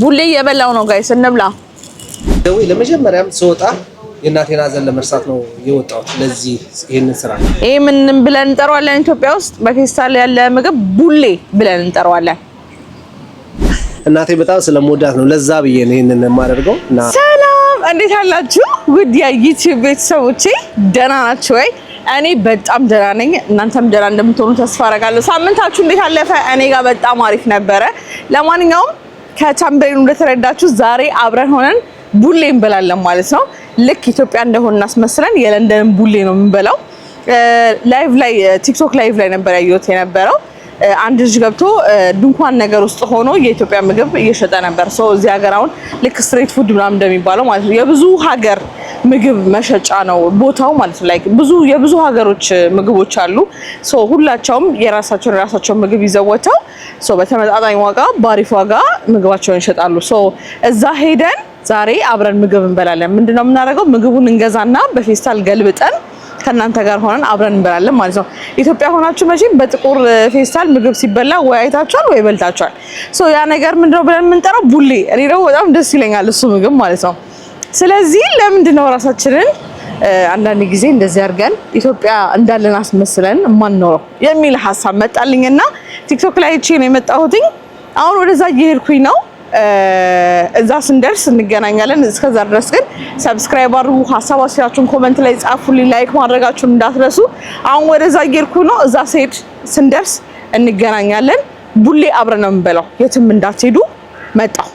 ቡሌ እየበላው ነው ጋይስ፣ እንብላ። ደውይ ለመጀመሪያም ስወጣ የእናቴን ሀዘን ለመርሳት ነው የወጣሁት። ለዚህ ይሄንን ስራ ይሄ ምን ብለን እንጠራዋለን? ኢትዮጵያ ውስጥ በፌስታል ያለ ምግብ ቡሌ ብለን እንጠራዋለን። እናቴ በጣም ስለምወዳት ነው፣ ለዛ ብዬ ነው ይሄንን የማደርገው። ሰላም፣ እንዴት አላችሁ ውድ የዩቲዩብ ቤተሰቦቼ? ደህና ናችሁ ወይ? እኔ በጣም ደህና ነኝ። እናንተም ደህና እንደምትሆኑ ተስፋ አደርጋለሁ። ሳምንታችሁ እንዴት አለፈ? እኔ ጋር በጣም አሪፍ ነበረ። ለማንኛውም ከቻምበሬኑ እንደተረዳችሁ ዛሬ አብረን ሆነን ቡሌ እንበላለን ማለት ነው። ልክ ኢትዮጵያ እንደሆን እናስመስለን የለንደንን ቡሌ ነው የምንበላው። ላይቭ ላይ ቲክቶክ ላይቭ ላይ ነበር ያየሁት የነበረው አንድ ልጅ ገብቶ ድንኳን ነገር ውስጥ ሆኖ የኢትዮጵያ ምግብ እየሸጠ ነበር። ሰው እዚህ ሀገር አሁን ልክ ስትሬት ፉድ ምናምን እንደሚባለው ማለት ነው የብዙ ሀገር ምግብ መሸጫ ነው ቦታው ማለት ነው። ብዙ የብዙ ሀገሮች ምግቦች አሉ። ሶ ሁላቸውም የራሳቸውን የራሳቸውን ምግብ ይዘወተው ወጥተው በተመጣጣኝ ዋጋ በአሪፍ ዋጋ ምግባቸውን ይሸጣሉ። ሶ እዛ ሄደን ዛሬ አብረን ምግብ እንበላለን። ምንድነው የምናደርገው? ምግቡን እንገዛና በፌስታል ገልብጠን ከእናንተ ጋር ሆነን አብረን እንበላለን ማለት ነው። ኢትዮጵያ ሆናችሁ መቼም በጥቁር ፌስታል ምግብ ሲበላ ወይ አይታችኋል ወይ በልታችኋል። ያ ነገር ምንድነው ብለን የምንጠራው ቡሌ። እኔ ደግሞ በጣም ደስ ይለኛል እሱ ምግብ ማለት ነው። ስለዚህ ለምንድን ነው ራሳችንን አንዳንድ ጊዜ እንደዚህ አድርገን ኢትዮጵያ እንዳለን አስመስለን የማንኖረው የሚል ሀሳብ መጣልኝና ቲክቶክ ላይ እቺ ነው የመጣሁትኝ። አሁን ወደዛ እየሄድኩኝ ነው። እዛ ስንደርስ እንገናኛለን። እስከዛ ድረስ ግን ሰብስክራይብ አድርጉ፣ ሀሳብ አስያችሁን ኮመንት ላይ ጻፉልኝ፣ ላይክ ማድረጋችሁን እንዳትረሱ። አሁን ወደዛ እየሄድኩ ነው። እዛ ስሄድ ስንደርስ እንገናኛለን። ቡሌ አብረን ነው የምንበላው። የትም እንዳትሄዱ። መጣሁ።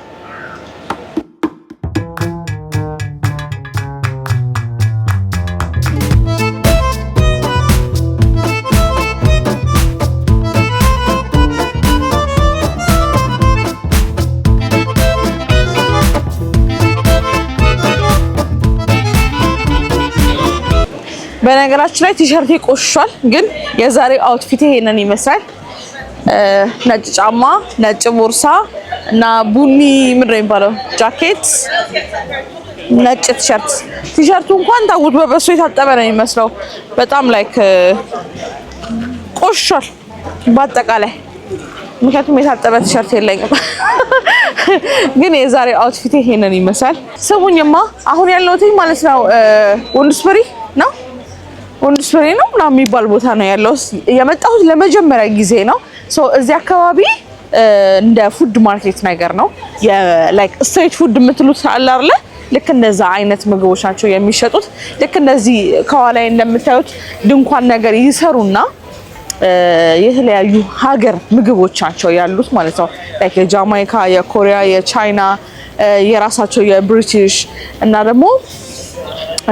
በነገራችን ላይ ቲሸርቴ ቆሽሿል፣ ግን የዛሬው አውትፊት ይሄንን ይመስላል። ነጭ ጫማ፣ ነጭ ቦርሳ እና ቡኒ ምንድን ነው የሚባለው ጃኬት፣ ነጭ ቲሸርት። ቲሸርቱ እንኳን ታውት በበሶ የታጠበ ነው የሚመስለው። በጣም ላይክ ቆሽሿል በአጠቃላይ ምክንያቱም የታጠበ ቲሸርት የለኝም። ግን የዛሬው አውትፊት ይሄንን ይመስላል። ስሙኝማ አሁን ያለሁት ማለት ነው ወንዱስበሪ ነው ወንድ ሱሪ ነው ምናምን የሚባል ቦታ ነው ያለው። የመጣሁት ለመጀመሪያ ጊዜ ነው። ሶ እዚህ አካባቢ እንደ ፉድ ማርኬት ነገር ነው። ላይክ ስትሬት ፉድ የምትሉት አለ አይደለ? ልክ እንደዛ አይነት ምግቦች ናቸው የሚሸጡት። ልክ እንደዚህ ከኋላ እንደምታዩት ድንኳን ነገር ይሰሩና የተለያዩ ሀገር ምግቦች ናቸው ያሉት ማለት ነው። ላይክ የጃማይካ፣ የኮሪያ፣ የቻይና የራሳቸው የብሪቲሽ እና ደግሞ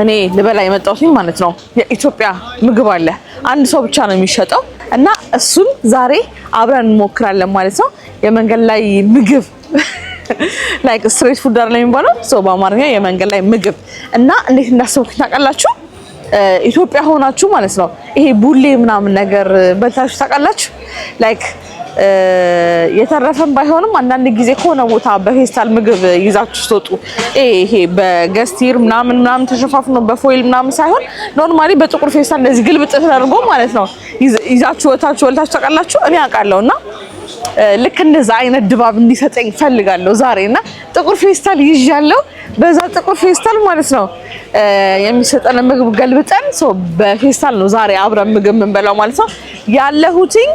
እኔ ልበላ የመጣሁት ማለት ነው። የኢትዮጵያ ምግብ አለ አንድ ሰው ብቻ ነው የሚሸጠው እና እሱን ዛሬ አብረን እንሞክራለን ማለት ነው። የመንገድ ላይ ምግብ ላይክ ስትሬት ፉድ አይደለም የሚባለው ሰው በአማርኛ የመንገድ ላይ ምግብ እና እንዴት እንዳሰብኩኝ ታውቃላችሁ? ኢትዮጵያ ሆናችሁ ማለት ነው ይሄ ቡሌ ምናምን ነገር በልታችሁ ታውቃላችሁ? ላይክ የተረፈም ባይሆንም አንዳንድ ጊዜ ከሆነ ቦታ በፌስታል ምግብ ይዛችሁ ስትወጡ ይሄ በገስቲር ምናምን ምናምን ተሸፋፍኖ በፎይል ምናምን ሳይሆን ኖርማሊ በጥቁር ፌስታል እንደዚህ ግልብጥ ተደርጎ ማለት ነው ይዛችሁ ወታችሁ ወልታችሁ ታውቃላችሁ። እኔ አውቃለሁ እና ልክ እንደዛ አይነት ድባብ እንዲሰጠኝ ፈልጋለሁ ዛሬ እና ጥቁር ፌስታል ይዣለሁ። በዛ ጥቁር ፌስታል ማለት ነው የሚሰጠን ምግብ ገልብጠን በፌስታል ነው ዛሬ አብረን ምግብ የምንበላው ማለት ነው። ያለሁትኝ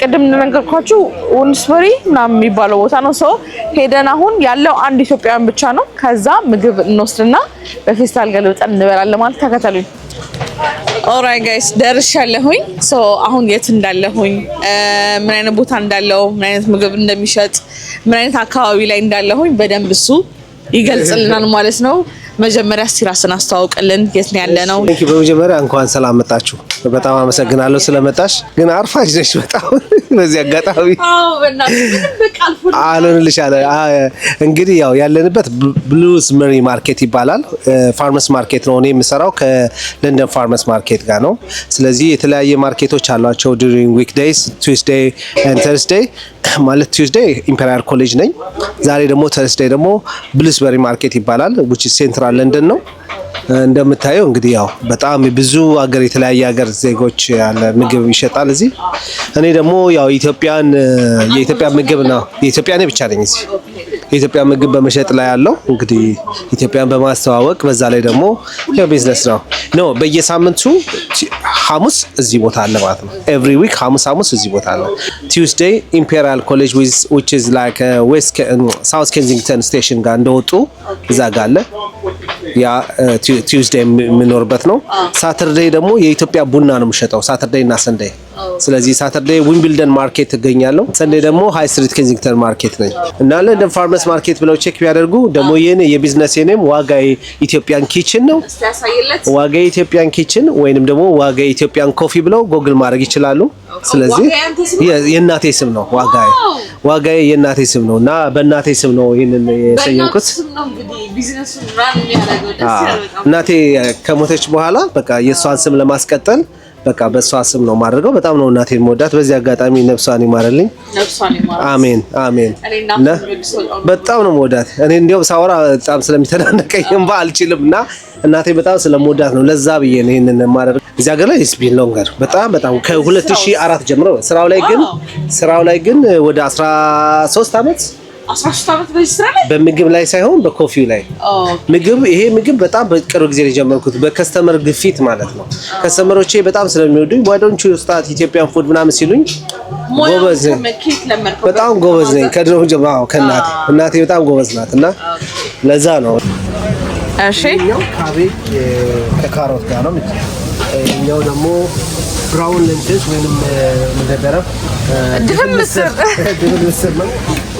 ቅድም እንደነገርኳችሁ ውንስበሪ ምናምን የሚባለው ቦታ ነው። ሰው ሄደን አሁን ያለው አንድ ኢትዮጵያውያን ብቻ ነው። ከዛ ምግብ እንወስድና በፌስታል ገልብጠን እንበላለን ማለት ተከተሉኝ። ኦራይ ጋይስ ደርሻለሁኝ። ሶ አሁን የት እንዳለሁኝ፣ ምን አይነት ቦታ እንዳለው፣ ምን አይነት ምግብ እንደሚሸጥ፣ ምን አይነት አካባቢ ላይ እንዳለሁኝ በደንብ እሱ ይገልጽልናል ማለት ነው። መጀመሪያ እስቲ ራስን አስተዋውቅልን፣ የት ነው ያለ ነው? በመጀመሪያ እንኳን ሰላም መጣችሁ በጣም አመሰግናለሁ ስለመጣሽ። ግን አርፋሽ ነሽ በጣም በዚህ አጋጣሚ አልሆንልሽ አለ። እንግዲህ ያው ያለንበት ብሉዝ መሪ ማርኬት ይባላል። ፋርመስ ማርኬት ነው እኔ የምሰራው ከለንደን ፋርመስ ማርኬት ጋር ነው። ስለዚህ የተለያየ ማርኬቶች አሏቸው። ዱሪንግ ዊክዴይስ ቱስዴይ ኤንድ ተርስዴይ ማለት ቱስዴይ ኢምፔሪያል ኮሌጅ ነኝ። ዛሬ ደግሞ ተርስዴይ ደግሞ መሪ ማርኬት ይባላል። ሴንትራል ለንደን ነው። እንደምታየው እንግዲህ ያው በጣም ብዙ ሀገር የተለያየ ሀገር ዜጎች ያለ ምግብ ይሸጣል እዚህ። እኔ ደግሞ ያው ኢትዮጵያን የኢትዮጵያ ምግብ ነው የኢትዮጵያ እኔ ብቻ ነኝ እዚህ የኢትዮጵያ ምግብ በመሸጥ ላይ ያለው እንግዲህ ኢትዮጵያን በማስተዋወቅ በዛ ላይ ደግሞ ያው ቢዝነስ ነው ኖ በየሳምንቱ ሐሙስ እዚህ ቦታ አለ ማለት ነው። ኤቭሪ ዊክ ሐሙስ ሐሙስ እዚህ ቦታ አለ። ቲውስዴይ ኢምፔሪያል ኮሌጅ ዊች ኢዝ ላይክ ዌስት ሳውት ኬንዚንግተን ስቴሽን ጋር እንደወጡ እዛ ጋር አለ ያ ቲውዝዴይ የምኖርበት ነው። ሳተርዴይ ደግሞ የኢትዮጵያ ቡና ነው የምሸጠው ሳተርዴይ እና ሰንዴይ። ስለዚህ ሳተርዴይ ዊምብልደን ማርኬት እገኛለሁ፣ ሰንዴይ ደግሞ ሃይ ስትሪት ኬንዚንግተን ማርኬት ነኝ እና ለንደን ፋርመስ ማርኬት ብለው ቼክ ቢያደርጉ ደግሞ ይህን የቢዝነስ ኔም ዋጋ ኢትዮጵያን ኪችን ነው። ዋጋ ኢትዮጵያን ኪችን ወይንም ደግሞ ዋጋ ኢትዮጵያን ኮፊ ብለው ጎግል ማድረግ ይችላሉ። ስለዚህ የእናቴ ስም ነው ዋጋ ዋጋዬ የእናቴ ስም ነው እና በእናቴ ስም ነው ይሄንን የሰየምኩት። እናቴ ከሞተች በኋላ በቃ የእሷን ስም ለማስቀጠል በቃ በእሷ ስም ነው ማድረገው። በጣም ነው እናቴን መወዳት። በዚህ አጋጣሚ ነፍሷን ይማረልኝ፣ አሜን አሜን። በጣም ነው መወዳት። እኔ እንዲያውም ሳወራ በጣም ስለሚተናነቀኝ እንባ አልችልም እና እናቴ በጣም ስለምወዳት ነው። ለዛ ብዬ ነው ይሄንን የማደርገው። እዚህ ሀገር ላይ ስቢን ሎንገር በጣም በጣም ከ2004 ጀምሮ ስራው ላይ ግን ስራው ላይ ግን ወደ 13 አመት በምግብ ላይ ሳይሆን በኮፊው ላይ ምግብ ይሄ ምግብ በጣም በቅርብ ጊዜ የጀመርኩት በከስተመር ግፊት ማለት ነው። ከስተመሮቼ በጣም ስለሚወዱኝ ዋይ ዶንት ዩ ስታርት ኢትዮጵያን ፉድ ምናምን ሲሉኝ ጎበዝ በጣም ጎበዝ ነኝ ከድሮ ጀምሮ ከእናቴ እናቴ በጣም ጎበዝ ናት እና ለዛ ነው እሺ ካቤጅ ከካሮት ጋር ነው። እኛው ደግሞ ብራውን ለንችስ ወይንም ምንደረብ ድፍን ምስር ድፍን ምስር ነው።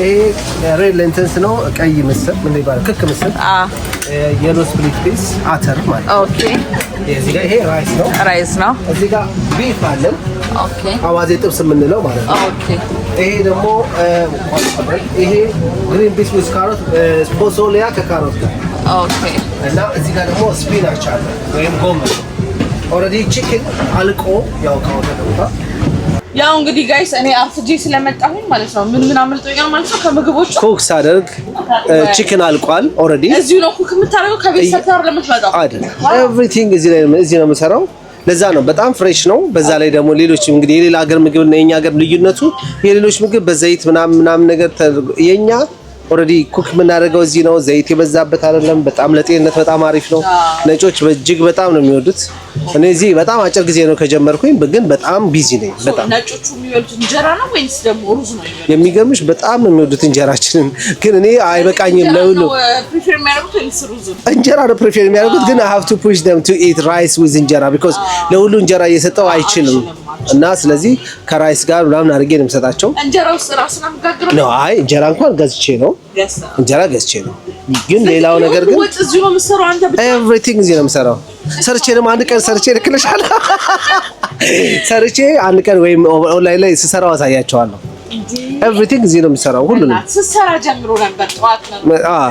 ይሄ ሬድ ለንችስ ነው። ቀይ ምስር ምን ይባላል? ክክ ምስር፣ የሎ ስፕሊት ፒስ፣ አተር ማለት ኦኬ። እዚህ ጋር ይሄ ራይስ ነው፣ ራይስ ነው። እዚህ ጋር ቢፍ አለን፣ ኦኬ። አዋዜ ጥብስ የምንለው ማለት ነው። ኦኬ። ይሄ ደግሞ ይሄ ግሪን ፒስ ዊዝ ካሮት፣ ስፖሶሊያ ከካሮት ጋር እና እዚህ ጋር ደግሞ ስፒናች አለ ወይም ጎመን። ኦልሬዲ ቺክን አልቆ ያው ከወተደውታ ያው እንግዲህ ጋይስ እኔ አርፍጄ ስለመጣሁኝ ማለት ነው። ምን ምን አመልጦኛል ማለት ነው። ከምግቦቹ ኮክ ሳደርግ ቺክን አልቋል ኦልሬዲ። እዚሁ ነው ኩክ የምታደርገው ከቤት ሰርተህ ለምትመጣው አይደል? ኤቭሪቲንግ እዚህ ላይ እዚህ ነው የምሰራው። ለዛ ነው በጣም ፍሬሽ ነው። በዛ ላይ ደግሞ ሌሎች እንግዲህ የሌላ ሀገር ምግብ እና የኛ ሀገር ልዩነቱ የሌሎች ምግብ በዘይት ምናምን ምናምን ነገር የኛ ኦልሬዲ ኩክ የምናደርገው እዚህ ነው። ዘይት የበዛበት አይደለም። በጣም ለጤንነት በጣም አሪፍ ነው። ነጮች በጅግ በጣም ነው የሚወዱት። እኔ እዚህ በጣም አጭር ጊዜ ነው ከጀመርኩኝ፣ ግን በጣም ቢዚ ነኝ። በጣም ነጮቹ የሚወዱት እንጀራ ነው ወይስ ደግሞ ሩዝ ነው? የሚገርምሽ በጣም ነው የሚወዱት እንጀራችንን፣ ግን እኔ አይበቃኝም። ለሁሉ እንጀራ ነው ፕሪፌር የሚያደርጉት፣ ግን አይ ሃቭ ቱ ፑሽ ደም ቱ ኢት ራይስ ዊዝ እንጀራ ቢኮዝ ለሁሉ እንጀራ እየሰጠው አይችልም እና ስለዚህ ከራይስ ጋር ምናምን አድርጌ ነው የምሰጣቸው። ነው አይ እንጀራ እንኳን ገዝቼ ነው እንጀራ ገዝቼ ነው፣ ግን ሌላው ነገር ግን ኤቭሪቲንግ እዚህ ነው የምሰራው። ሰርቼ ደግሞ አንድ ቀን ሰርቼ ልክልሻለሁ። ሰርቼ አንድ ቀን ወይም ኦንላይን ላይ ስሰራው አሳያቸዋለሁ። ኤቭሪቲንግ እዚህ ነው የሚሰራው። ሁሉ ነው ስትሰራ ጀምሮ ነበር። ጠዋት ነው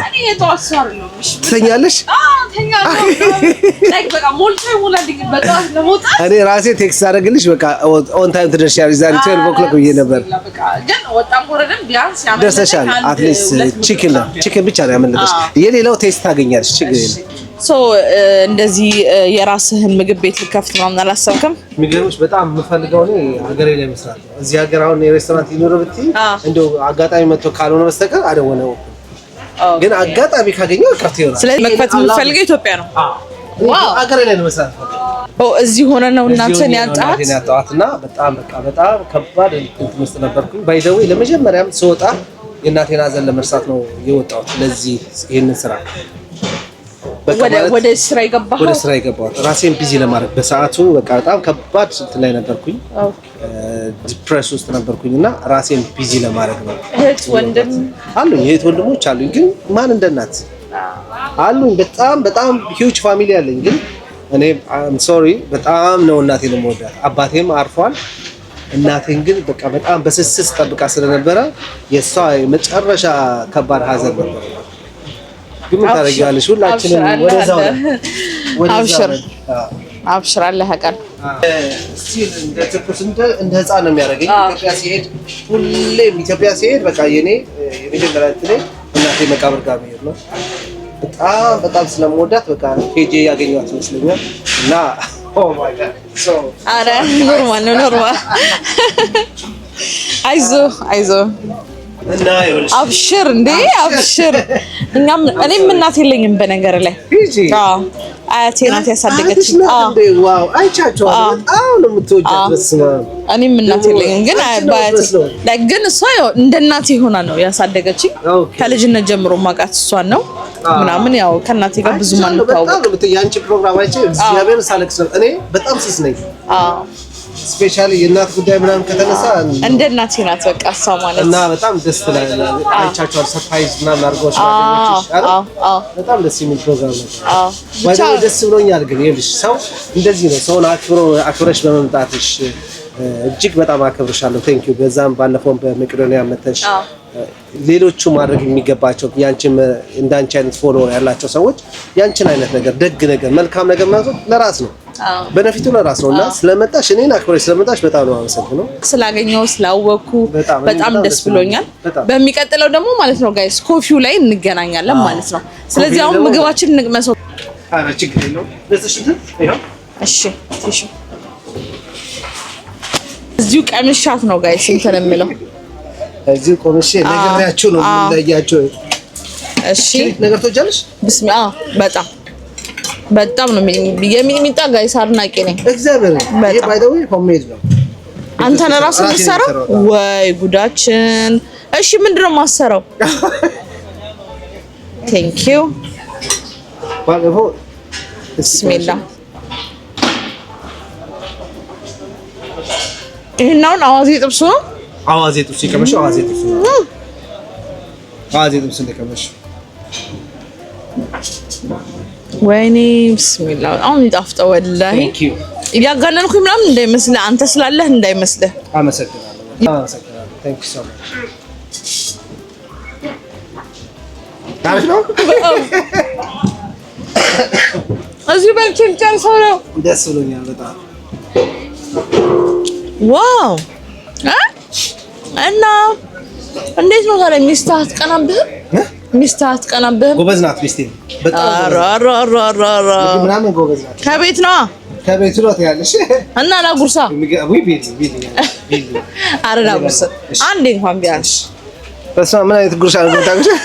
እኔ የጠዋት ሰር ነው ትተኛለሽ? እኔ ራሴ ቴክስት አደረግልሽ በቃ ኦን ታይም ትደርሻለሽ ዛሬ 12 ኦክሎክ ብዬሽ ነበር። ግን ቢያንስ አትሊስት ቺክን ቺክን ብቻ ነው ያመለጠሽ። የሌላው ቴስት ታገኛለሽ። ችግር የለም እንደዚህ የራስህን ምግብ ቤት ልከፍት ምናምን አላሰብክም? የሚገርምሽ በጣም የምፈልገው እኔ ሀገሬ ላይ መስራት ነው። እዚህ ሀገር አሁን የሬስቶራንት ሊኖር ብትይ እንደው አጋጣሚ መጥቶ ካልሆነ በስተቀር አደወነው፣ ግን አጋጣሚ ካገኘው ከፍት ይሆናል። ስለዚህ መክፈት የምፈልገው ኢትዮጵያ ነው። ሀገሬ ላይ መስራት ነው። እዚህ ሆነ ነው እናንተን ያጣት ያጣትና በጣም በቃ በጣም ከባድ እንትን ውስጥ ነበርኩኝ። ባይዘዌ ለመጀመሪያም ስወጣ የእናቴን ሀዘን ለመርሳት ነው የወጣሁት ለዚህ ይህንን ስራ ወደ ስራ የገባሁ ወደ ስራ ራሴን ቢዚ ለማድረግ በሰዓቱ በቃ በጣም ከባድ እንትን ላይ ነበርኩኝ፣ ዲፕሬስ ውስጥ ነበርኩኝ እና ራሴን ቢዚ ለማድረግ ነው። እህት ወንድም አሉኝ፣ እህት ወንድሞች አሉኝ፣ ግን ማን እንደናት አሉኝ። በጣም በጣም ሂውጅ ፋሚሊ አለኝ፣ ግን እኔ አም ሶሪ በጣም ነው እናቴን የምወዳት። አባቴም አርፏል። እናቴን ግን በቃ በጣም በስስስ ጠብቃ ስለነበረ የእሷ የመጨረሻ ከባድ ሀዘን ነበር። ግን ታደርጊዋለሽ። ሁላችንም ወደዛው አብሽር አብሽር አለ ሀቀር እንደ ህፃን ነው የሚያደርገኝ። ኢትዮጵያ ሲሄድ ሁሌም ኢትዮጵያ ሲሄድ በቃ የኔ የመጀመሪያ ትኔ እናቴ መቃብር ጋር ብሄድ ነው። በጣም በጣም ስለምወዳት በቃ ሄጄ ያገኘኋት ይመስለኛል እና oh አረ ኖርማል ነው ኖርማል። አይዞህ አይዞህ አብሽር እንዴ አብሽር። እኛም እኔም እናት የለኝም በነገር ላይ አያቴ ናት ያሳደገች። እኔም እናት የለኝም ግን እሷ እንደ እናቴ ሆና ነው ያሳደገችኝ። ከልጅነት ጀምሮ ማውቃት እሷን ነው ምናምን ያው ከእናቴ ጋር ብዙ ማንታወቅ። የአንቺ ፕሮግራም አይቼ እግዚአብሔር ሳለቅስ እኔ በጣም ሲስ ነኝ ስፔሻሊ የእናት ጉዳይ ምናምን ከተነሳ እንደ እናቴ ናት። በቃ እሷ ማለት እና በጣም ደስ ትላለች። አይቻቸዋል ሰርፕራይዝ ምናምን አድርገው በጣም ደስ የሚል ፕሮግራም ነው። ባይዘው ደስ ብሎኛል። ግን ይኸውልሽ ሰው እንደዚህ ነው። ሰውን አክብሮ አክብረሽ በመምጣትሽ እጅግ በጣም አከብርሻለሁ። ቴንክ ዩ። በዛም ባለፈውን በመቄዶኒያ መተሽ ሌሎቹ ማድረግ የሚገባቸው ያንቺን እንዳንቺ አይነት ፎሎወር ያላቸው ሰዎች ያንቺን አይነት ነገር ደግ ነገር መልካም ነገር ማለት ለራስ ነው በነፊቱ ለራስ ነው እና ስለመጣሽ እኔን አክብረሽ ስለመጣሽ በጣም ነው አመሰግነው። ስላገኘው ስላወኩ በጣም ደስ ብሎኛል። በሚቀጥለው ደግሞ ማለት ነው ጋይስ ኮፊው ላይ እንገናኛለን ማለት ነው። ስለዚህ አሁን ምግባችን እንቅመሰው። አረ ችግር የለውም። እሺ እሺ እዚሁ ቀምሻት ነው ጋይስ እንትን የምለው እዚሁ ቆምሼ ነግሬያችሁ ነው የምንለያቸው። እሺ ነገር ትወጃለሽ? ብስሚላ በጣም በጣም ነው የሚጥሚጣ ጋይስ አድናቂ ነኝ። እግዚአብሔር ይሄ ባይ ዘ ዌይ ሆምሜድ ነው። አንተ ለራሱ የምትሰራው ወይ ጉዳችን። እሺ ምንድን ነው የማሰራው? ቴንክ ዩ ብስሚላ። ይሄን አሁን አዋዜ ጥብሱ ነው። አዋዜ ጥብሱ ይቀመሽ። አዋዜ ጥብሱ አዋዜ ጥብሱ እንደቀመሽ ወይኔ ብስሚላ አሁን ይጣፍጠ ወላሂ እያጋነንኩኝ ምናምን እንዳይመስልህ፣ አንተ ስላለህ እንዳይመስልህ። እዚህ በልቼን ጨርሰው ነው። ደስ ብሎኛል በጣም ዋው። እና እንዴት ነው ታዲያ ሚስትህ አትቀናብህም? ሚስት አትቀናብህም። ጎበዝ ናት ሚስቴ፣ በጣም ጎበዝ ናት። ከቤት ነዋ ከቤት ነው ትያለሽ። እና ላጉርሳ አረ ላጉርሳ አንዴ እንኳን ቢያንስ በስመ አብ ምን አይነት ጉርሻ ነው የምታውቂው?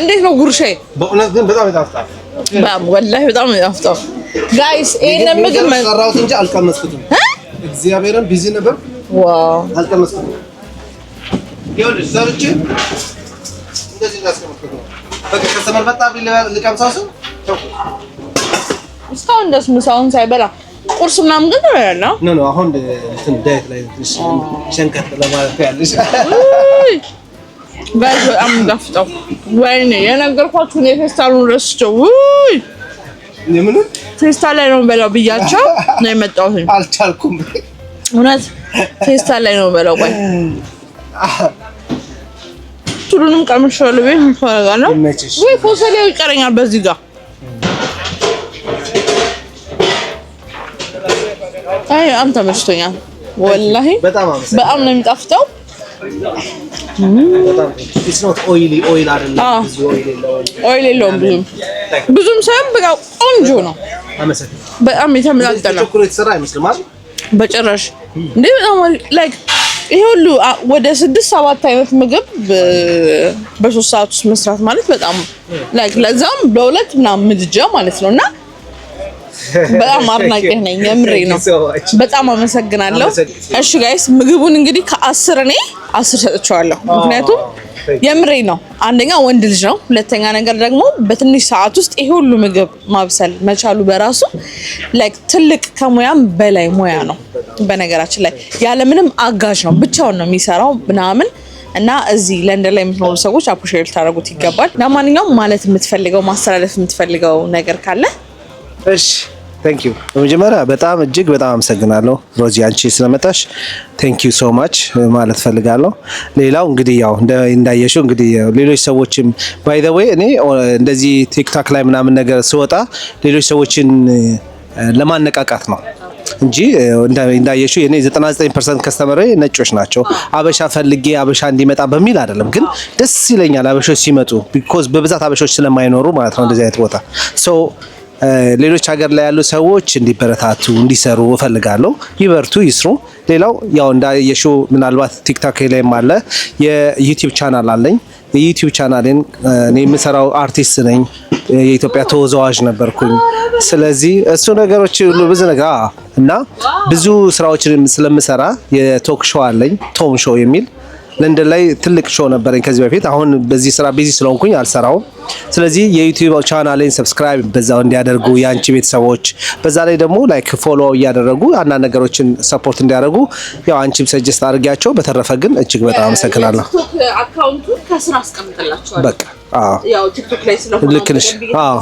እንዴት ነው ጉርሻዬ? በእውነት ግን በጣም ይጣፍጣል። ወላሂ በጣም ይጣፍጣል። ጋይስ ይሄንን ምግብ ሰራሁት እንጂ አልቀመስኩትም። እግዚአብሔርን ቢዚ ነበር። ዋው አልቀመስኩትም ይኸውልሽ ሰርቼ እንደዚህ እንዳስቀመጥኩት በቃ ከስተመር መጣ ልቀምሳሱ እስካሁን ደስ ምሳውን ሳይበላ ቁርስ ምናምን ግን ተበላለ። ኖ ኖ አሁን እንትን ዳይት ላይ ትንሽ ሸንቀጥ ለማለት ያለሽ ጋይስ፣ በጣም የሚጣፍጠው ወይኔ የነገርኳችሁ ነው። ፌስታሉን ረስቼው ውይ የምን ፌስታል ላይ ነው በላው ብያቸው ነው የመጣሁት። አልቻልኩም እውነት ፌስታል ላይ ነው በላው ቆይ ሁሉንም ቀምሼዋለሁ። ቤት እንፈልጋለሁ ወይ ኮሰሌው ይቀረኛል በዚህ ጋር አይ በጣም ተመችቶኛል። ወላሂ በጣም ነው የሚጣፍጠው። ኦይል የለውም ብዙም ብዙም ሳይሆን በቃ ቆንጆ ነው። በጣም የተመጣጠነ በጭራሽ እንዴ በጣም ላይክ ይህ ሁሉ ወደ ስድስት ሰባት አይነት ምግብ በሶስት ሰዓት ውስጥ መስራት ማለት በጣም ላይክ ለዛም በሁለት ምናምን ምድጃ ማለት ነው እና በጣም አድናቂህ ነኝ። የምሬ ነው። በጣም አመሰግናለሁ። እሺ ጋይስ ምግቡን እንግዲህ ከአስር እኔ አስር ሰጥቼዋለሁ። ምክንያቱም የምሬ ነው። አንደኛ ወንድ ልጅ ነው። ሁለተኛ ነገር ደግሞ በትንሽ ሰዓት ውስጥ ይሄ ሁሉ ምግብ ማብሰል መቻሉ በራሱ ላይክ ትልቅ ከሙያም በላይ ሙያ ነው። በነገራችን ላይ ያለምንም አጋዥ ነው፣ ብቻውን ነው የሚሰራው ምናምን እና እዚህ ለንደን ላይ የምትኖሩ ሰዎች አፕሪሼት ታደርጉት ይገባል። ለማንኛውም ማለት የምትፈልገው ማስተላለፍ የምትፈልገው ነገር ካለ እሺ ቴንክ ዩ በመጀመሪያ በጣም እጅግ በጣም አመሰግናለሁ ሮዚ አንቺ ስለመጣሽ ቴንክ ዩ ሶ ማች ማለት ፈልጋለሁ። ሌላው እንግዲህ ያው እንዳየሽው እንግዲህ ሌሎች ሰዎችም ባይ ዘ ዌይ እኔ እንደዚህ ቲክታክ ላይ ምናምን ነገር ስወጣ ሌሎች ሰዎችን ለማነቃቃት ነው እንጂ እንዳየሽው የኔ 99% ከስተመር ነጮች ናቸው። አበሻ ፈልጌ አበሻ እንዲመጣ በሚል አይደለም፣ ግን ደስ ይለኛል አበሾች ሲመጡ ቢኮዝ በብዛት አበሾች ስለማይኖሩ ማለት ነው እንደዚህ አይነት ቦታ ሌሎች ሀገር ላይ ያሉ ሰዎች እንዲበረታቱ እንዲሰሩ እፈልጋለሁ። ይበርቱ፣ ይስሩ። ሌላው ያው እንዳየሹ ምናልባት ቲክቶክ ላይም አለ የዩቲዩብ ቻናል አለኝ። የዩቲዩብ ቻናሌን እኔ የምሰራው አርቲስት ነኝ። የኢትዮጵያ ተወዛዋዥ ነበርኩኝ። ስለዚህ እሱ ነገሮች ሁሉ ብዙ ነገር እና ብዙ ስራዎችን ስለምሰራ የቶክ ሾው አለኝ ቶም ሾው የሚል ለንደን ላይ ትልቅ ሾው ነበረኝ ከዚህ በፊት። አሁን በዚህ ስራ ቢዚ ስለሆንኩኝ አልሰራውም። ስለዚህ የዩቲዩብ ቻናሌን ሰብስክራይብ በዛው እንዲያደርጉ የአንቺ ቤተሰቦች፣ በዛ ላይ ደግሞ ላይክ ፎሎ እያደረጉ አንዳንድ ነገሮችን ሰፖርት እንዲያደርጉ ያው አንቺ ሰጀስት አድርጊያቸው። በተረፈ ግን እጅግ በጣም አመሰግናለሁ። በቃ ያው ቲክቶክ ላይ ስለሆነ ልክ ነሽ። አዎ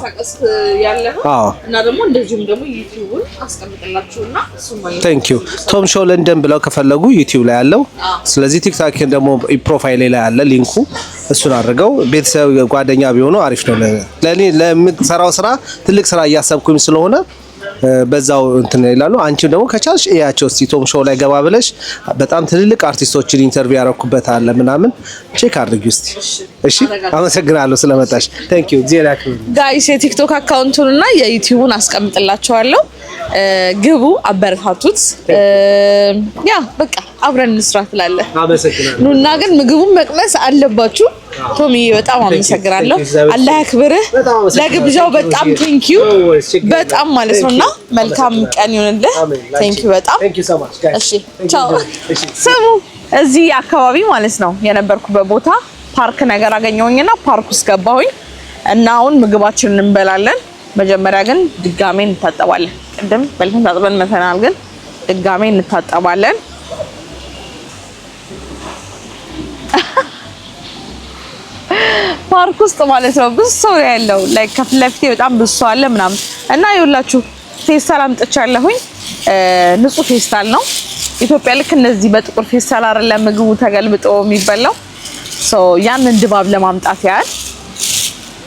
አዎ። እና ደግሞ እንደዚሁም ደግሞ ዩቲዩብን አስቀምጥላችሁና ቴንክ ዩ ቶም ሾው ለንደን ብለው ከፈለጉ ዩቲዩብ ላይ አለው። ስለዚህ ቲክቶክ ደግሞ ፕሮፋይል ላይ አለ ሊንኩ። እሱን አድርገው ቤተሰብ ጓደኛ ቢሆኑ አሪፍ ነው። ለኔ ለምሰራው ስራ ትልቅ ስራ እያሰብኩኝ ስለሆነ በዛው እንትን ይላሉ። አንቺም ደግሞ ከቻልሽ እያቸው እስቲ ቶም ሾው ላይ ገባ ብለሽ በጣም ትልልቅ አርቲስቶችን ኢንተርቪው ያረኩበት አለ ምናምን ቼክ አድርጊ እስቲ። እሺ፣ አመሰግናለሁ ስለመጣሽ። ታንክ ዩ ጋይስ። የቲክቶክ አካውንቱን እና የዩቲዩቡን አስቀምጥላቸዋለሁ። ግቡ፣ አበረታቱት። ያ በቃ አብረን እንስራ ትላለህ። ኑና ግን ምግቡን መቅመስ አለባችሁ። ቶሚ በጣም አመሰግናለሁ። አላህ ያክብርህ። ለግብዣው በጣም ዩ oh, በጣም ማለት ነውና መልካም ቀን ይሁንልህ። ዩ በጣም እሺ፣ ቻው። ስሙ እዚህ አካባቢ ማለት ነው የነበርኩበት ቦታ ፓርክ ነገር አገኘሁኝና ፓርክ ውስጥ ገባሁኝ እና አሁን ምግባችንን እንበላለን። መጀመሪያ ግን ድጋሜ እንታጠባለን። ቅድም በልተን ታጥበን መተናል፣ ግን ድጋሜ እንታጠባለን። ፓርክ ውስጥ ማለት ነው። ብዙ ሰው ያለው ላይ ከፊት ለፊቴ በጣም ብዙ ሰው አለ ምናምን እና ይኸውላችሁ ፌስታል አምጥቻለሁኝ። ንጹህ ፌስታል ነው። ኢትዮጵያ ልክ እነዚህ በጥቁር ፌስታል አይደለም ምግቡ ተገልብጦ የሚበላው። ሶ ያንን ድባብ ለማምጣት ያህል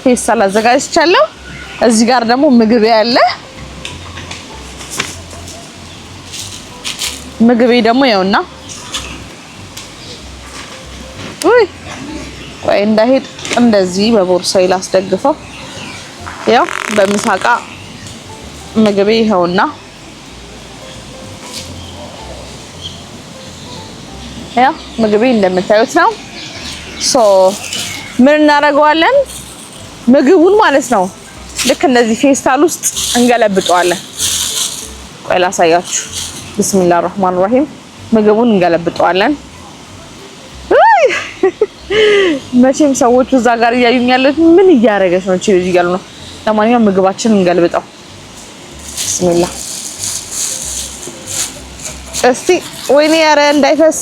ፌስታል አዘጋጅቻለሁ። እዚህ ጋር ደግሞ ምግብ ያለ ምግቤ ደግሞ ይኸውና፣ ወይ ቆይ እንዳይሄድ እንደዚህ በቦርሳዬ ላስደግፈው። ያው በምሳቃ ምግቤ ይኸውና፣ ያ ምግቤ እንደምታዩት ነው። ሶ ምን እናደርገዋለን? ምግቡን ማለት ነው ልክ እንደዚህ ፌስታል ውስጥ እንገለብጠዋለን። ቆይ ላሳያችሁ። ብስሚላህ ራህማን ራሂም ምግቡን እንገለብጠዋለን። መቼም ሰዎቹ እዛ ጋር እያዩኝ ያለት ምን እያደረገች ነው እቺ ልጅ እያሉ ነው። ለማንኛውም ምግባችን እንገልብጠው። ብስሚላ እስቲ ወይኔ፣ ያረ እንዳይፈስ።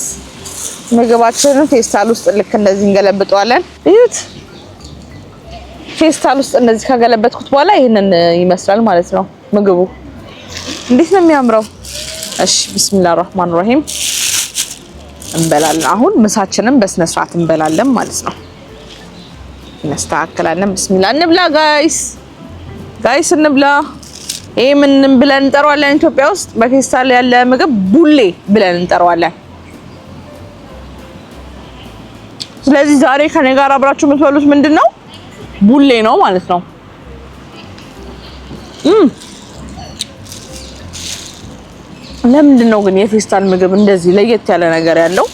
ምግባችንን ፌስታል ውስጥ ልክ እንደዚህ እንገለብጠዋለን። እዩት፣ ፌስታል ውስጥ እንደዚህ ከገለበጥኩት በኋላ ይህንን ይመስላል ማለት ነው ምግቡ። እንዴት ነው የሚያምረው! እሺ፣ ቢስሚላህ ራህማን ራሂም እንበላለን። አሁን ምሳችንም በስነ ስርዓት እንበላለን ማለት ነው። እናስተካክላለን። ብስሚላ እንብላ ጋይስ፣ ጋይስ እንብላ። ይሄ ምን ብለን እንጠራዋለን? ኢትዮጵያ ውስጥ በፌስታል ያለ ምግብ ቡሌ ብለን እንጠራዋለን። ስለዚህ ዛሬ ከኔ ጋር አብራችሁ የምትበሉት ምንድን ነው? ቡሌ ነው ማለት ነው። ለምንድን ነው ግን የፌስታል ምግብ እንደዚህ ለየት ያለ ነገር ያለው?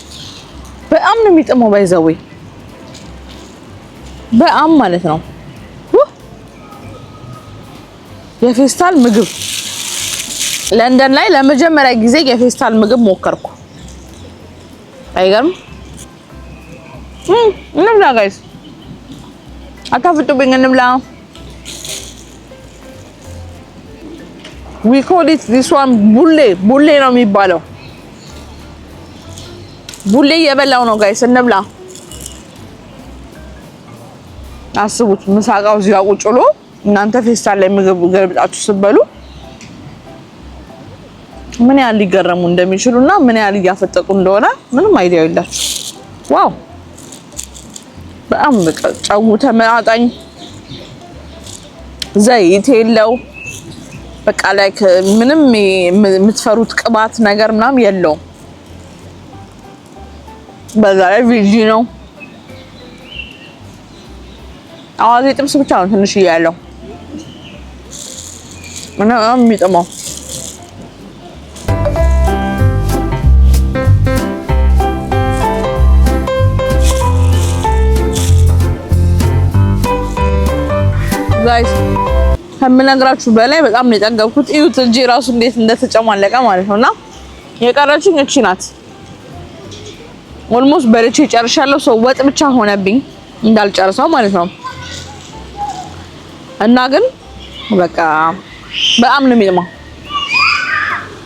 በጣም ነው የሚጥመው። ባይዘዌ በጣም ማለት ነው የፌስታል ምግብ ለንደን ላይ ለመጀመሪያ ጊዜ የፌስታል ምግብ ሞከርኩ። አይገርም? እንብላ ጋይስ፣ አታፍጡብኝ፣ እንብላ ዊኮሊት ዲስዋን ቡሌ ቡሌ ነው የሚባለው። ቡሌ እየበላው ነው ጋይስ፣ እንብላ። አስቡት፣ ምሳቃው እዚህ ጋር ቁጭ ብሎ እናንተ ፌስታል ላይ ምግብ ገልብጣችሁ ስትበሉ ምን ያህል ሊገረሙ እንደሚችሉ እና ምን ያህል እያፈጠጡ እንደሆነ ምንም አይዲያ የላችሁ። ዋው በጣም ጨው ተመጣጣኝ ዘይት የለው በቃ ላይክ ምንም የምትፈሩት ቅባት ነገር ምናምን የለውም። በዛ ላይ ቪጂ ነው። አዋዜ ጥብስ ብቻ ነው ትንሽ እያለው ምንም የሚጥመው ጋይስ ከምነግራችሁ በላይ በጣም ነው የጠገብኩት። እዩት እንጂ ራሱ እንዴት እንደተጨማለቀ ማለት ነውና የቀረችኝ እቺ ናት። ኦልሞስት በልቼ ጨርሻለሁ። ሰው ወጥ ብቻ ሆነብኝ እንዳልጨርሰው ማለት ነው እና ግን በቃ በጣም ነው የሚጥመው።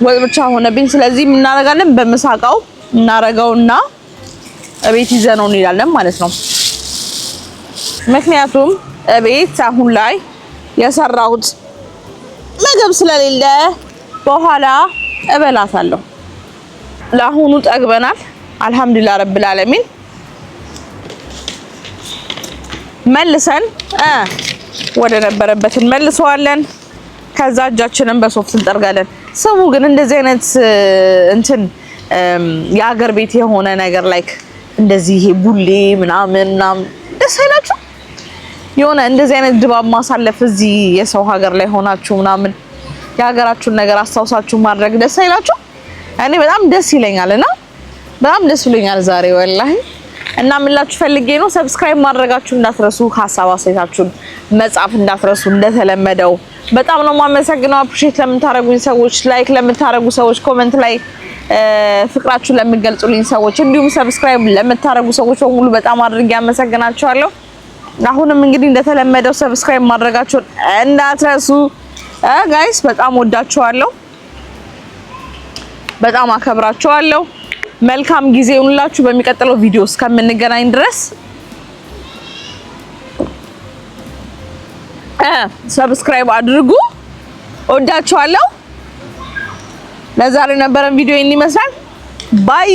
ወጥ ብቻ ሆነብኝ። ስለዚህ የምናረጋለን በምሳቃው እናረጋውና እቤት ይዘነው እንሄዳለን ማለት ነው። ምክንያቱም እቤት አሁን ላይ የሰራሁት። ምግብ ስለሌለ በኋላ እበላታለሁ። ለአሁኑ ጠግበናል። አልሐምዱሊላህ ረብል ዓለሚን። መልሰን ወደ ነበረበት እንመልሰዋለን። ከዛ እጃችንን በሶፍት እንጠርጋለን። ስሙ ግን እንደዚህ አይነት እንትን የሀገር ቤት የሆነ ነገር ላይክ እንደዚህ ይሄ ቡሌ ምናምን ምናምን ደስ አይላችሁ? የሆነ እንደዚህ አይነት ድባብ ማሳለፍ እዚህ የሰው ሀገር ላይ ሆናችሁ ምናምን የሀገራችሁን ነገር አስታውሳችሁ ማድረግ ደስ አይላችሁ? እኔ በጣም ደስ ይለኛል እና በጣም ደስ ብሎኛል ዛሬ ወላሂ። እና ምላችሁ ፈልጌ ነው ሰብስክራይብ ማድረጋችሁ እንዳትረሱ፣ ሀሳብ አስተያየታችሁን መጻፍ እንዳትረሱ እንደተለመደው። በጣም ነው የማመሰግነው አፕሪሼት ለምታደርጉኝ ሰዎች፣ ላይክ ለምታደርጉ ሰዎች፣ ኮመንት ላይ ፍቅራችሁን ለሚገልጹልኝ ሰዎች፣ እንዲሁም ሰብስክራይብ ለምታደርጉ ሰዎች በሙሉ በጣም አድርጌ አመሰግናችኋለሁ። አሁንም እንግዲህ እንደተለመደው ሰብስክራይብ ማድረጋችሁን እንዳትረሱ ጋይስ። በጣም ወዳችኋለሁ፣ በጣም አከብራችኋለሁ። መልካም ጊዜ ይሁንላችሁ። በሚቀጥለው ቪዲዮ እስከምንገናኝ ድረስ ሰብስክራይብ አድርጉ። ወዳችኋለሁ። ለዛሬ ነበረን ቪዲዮ ይህን ይመስላል። ባይ